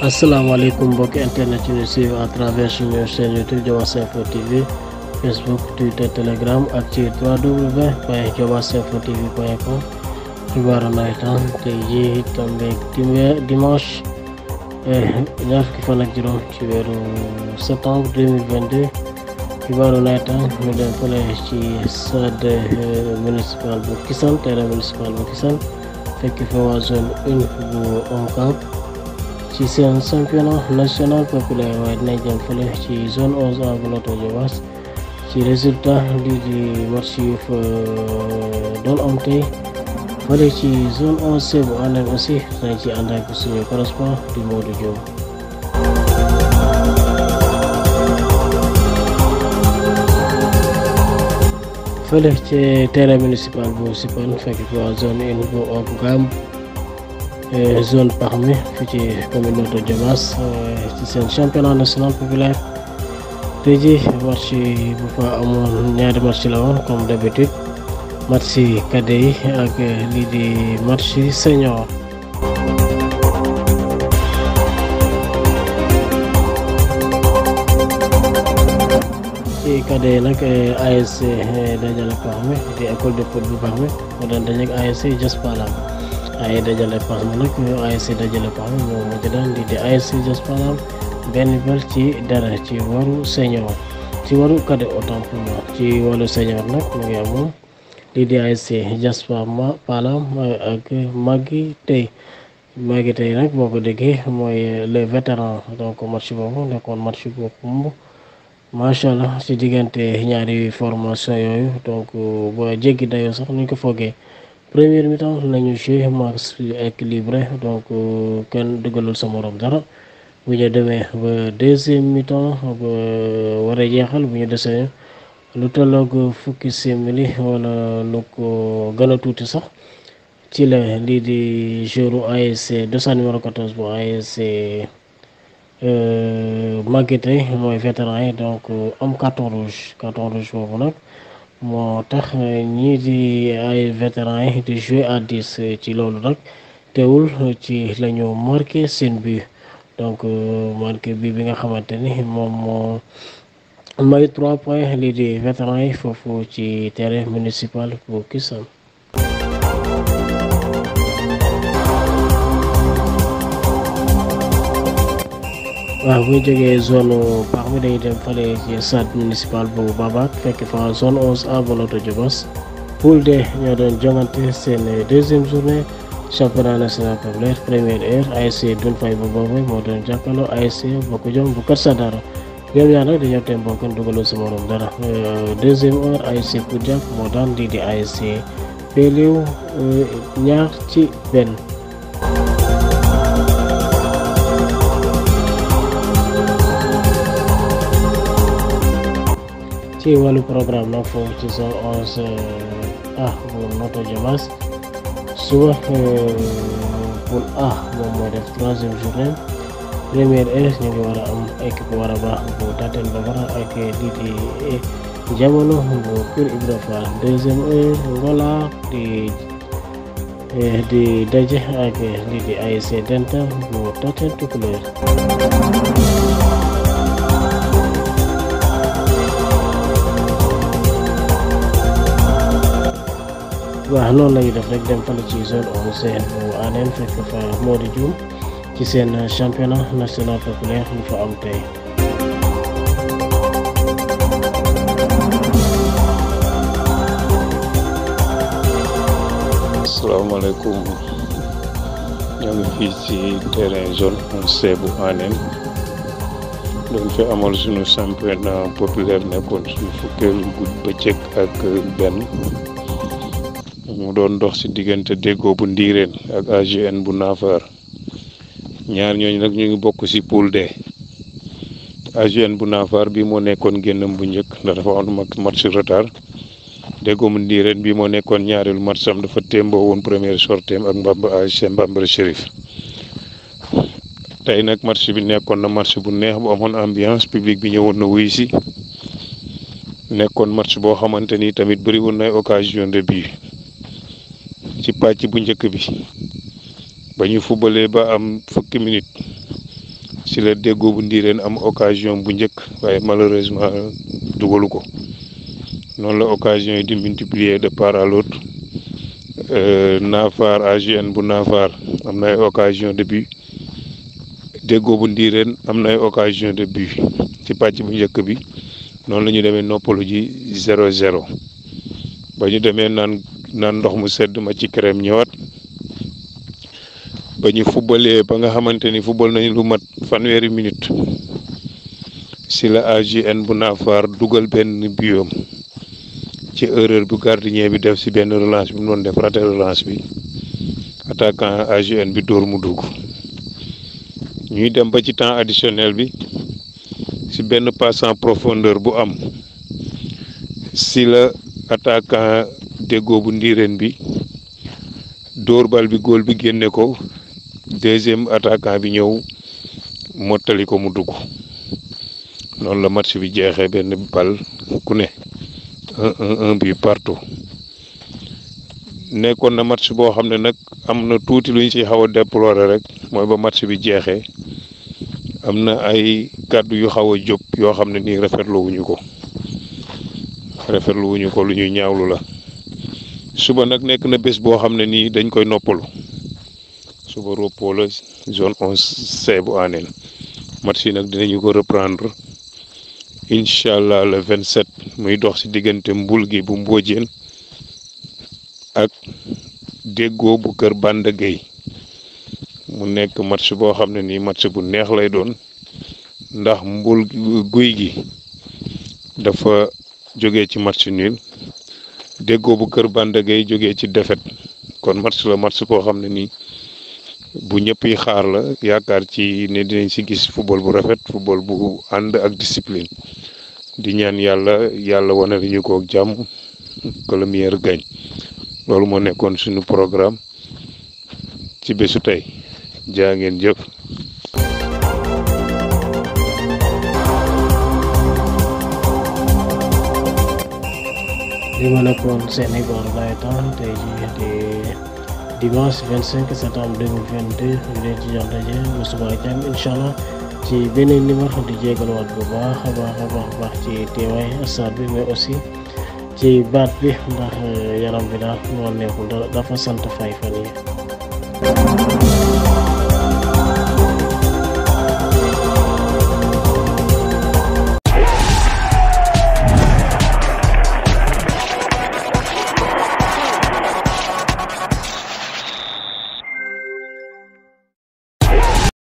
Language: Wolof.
Assalamualaikum Bok Internet University à travers une chaîne YouTube Jawasinfo TV, Facebook, Twitter, Telegram, active www.jawasinfotv.com दोबारा नाइटान तो ये तम एक दिमाश नाफ की फनक जरो चिवेरो सतांग ड्रीम इवेंटे दोबारा नाइटान मिडल पले ची सद म्युनिसिपल बकिसन तेरा म्युनिसिपल बकिसन She said some national popular Nigerian police she is on us Angola to Javas. She résultat du massif d'Olomte. Fallait qui zone 11 c'est bon en aussi, ça qui en a signé correspond du mot de Dieu. Fallait terrain municipal municipal fait que zone une go au zone parmi fi ci commune de Diobass ci seen championnat national populaire tey ji match bu fa amoon ñaari match la woon comme d'habitude match cadet yi ak euh, lii di match senior ci cadet yi nag euh, ASC euh, dajala parmi di école de foot bu parmi mu daan dajeek ASC Jaspala ay dajale pax mi nag ñu ASC dajale pax mi ñoo mujj daan di di ASC Dias Palam benn bal ci dara ci waru senior ci waru cadet autant pour moi ci waru senior nag mu ngi amoon lii di ASC Dias Palam ak Maggi tey Maggi tey nag boo ko déggee mooy les vétérans donc match boobu nekkoon match boobu macha allah ci diggante ñaari formation yooyu donc ba jéggi dayoo sax nuñ ko foogee. première mi-temps lañu joué match équilibré donc euh, kenn dugalul sa morom dara bu ñu demee ba deuxième mi ba euh, war a jeexal bu ñu desee lu tolloog fukki simili wala lu ko gën tuuti sax ci la lii di jouru ASC dossard numéro 14 bu ASC euh, Maguette mooy vétéran yi donc am carton rouge carton nag moo tax eh, ñii di ay vétérans yi di jouer à 10 eh, ci loolu nag teewul eh, ci lañu marqué seen bi donc euh, marqué bi bi nga xamante ni moom moo may 3 points lii di vétérans yi foofu ci terrain municipal bu Kisane waaw bu ñu jógee zone baax mi dañuy dem fale ci stade municipal bu Babac fekk fa zone 11 A Voloto Diobass poule D ñoo doon jongante seen deuxième journée championnat national populaire première heure ASC Doul Faye bu Bambey moo doon jàkkaarloo ASC Bokk Jom bu Kër dara ñoom ñaar nag dañoo dem bokk dugaloo si morom dara euh, deuxième heure ASC Koudiak moo daan lii di ASC Peliou euh, ñaar ci benn. ce walu program na so on ah moto jamas sur pour ah mon de troisième journée premier es ñu ngi war am équipe war a baax bu taten bagara ak didi jamono bu kër ibra fall deuxième heure ngola di di daje ak lii di ay sedenta bu taten tukuleur waa noonu la ñuy def rek dem fële ci zone onze fekk fa Mody Dioum ci seen championnat national populaire bu fa am tey. asalaamaaleykum ñoo ngi fii ci terrain zone onze doon fi amal suñu championnat populaire nekkoon suñu fukkeelu guddi bëccëg ak benn. mu doon dox si diggante déggoo bu ndiireen ak AGN bu naafar ñaar ñooñu nag ñu ngi bokk si poule D AGN bu naafar bi moo nekkoon génnam bu njëkk ndax dafa am match retard déggoo bu ndiireen bi moo nekkoon ñaareelu match am dafa témboo woon première sorteem ak mbamba ASC Mbambara Chérif tey nag match bi nekkoon na match bu neex bu amoon ambiance public bi ñëwoon na wuy si nekkoon match boo xamante ni tamit bëri woon na occasion de but ci pàcc bu njëkk bi ba ñu fubalee ba am fukki minute ci la déggoo bu ndiireen am occasion bu njëkk waaye malheureusement dugalu ko noonu la occasion di multiplier de part à l'autre euh, Naafaar AGN bu Naafaar am na ay occasion de but déggoo bu ndiireen am na ay occasion de but ci pàcc bu njëkk bi noonu la ñu demee noppalu ji zéro zéro ba demee naan naan ndox mu sedd ma ci crème ñëwaat ba ñu fubalee ba nga ni nañ lu mat fanweeri minute si la AGN bu naafaar dugal ben biom ci erreur bu gardien bi def si ben relance bi mu doon def raté relance bi attaquant AGN bi dóor mu dugg ñuy dem ba ci temps additionnel bi si ben passe en profondeur bu am si la attaquant déggoo bu ndiireen bi dóor bal bi góol bi génne ko deuxième attaquant bi ñëw mottali ko mu dugg noonu la match bi jeexee benn bal ku ne un un un bi partout nekkoon na match boo xam ne nag am na tuuti lu ñu ci xaw a déplorer rek mooy ba match bi jeexee am na ay kàddu yu xaw a jóg yoo xam ne nii rafetlu wuñu ko rafetlu wuñu ko lu ñuy ñaawlu la suba nak nek na bes boo xam ne nii dañ koy noppalu suba ropolo la zone onze c bu aneen match dinañu ko reprendre allah le vingt sept muy dox si diggante mbul gi bu mboojeen ak déggoo bu kër Banda Gueye mu nekk match boo xam ne nii bu neex lay doon ndax mbul guy gi dafa jógee ci match nul déggoo bu kër Balla gay jóge ci defet kon match la match koo xam ne nii bu ñëpp yi xaar la yaakaar ci ne dinañ ci gis football bu rafet football bu ànd ak discipline di ñaan yàlla yàlla wane ñu ko ak jàmm que le loolu moo nekkoon suñu programme ci bésu tey jaa ngeen jëf. li ma nekkoon Sénégal laay taal tey jii di dimanche 25 septembre 2022 ñu leen ci jox daje ba suba ak jàmm incha allah ci beneen numéro di jégaluwaat bu baax a baax a baax baax ci teewaay stade bi mais aussi ci baat bi ndax euh, yaram bi daal moo neexul dafa sant fay fan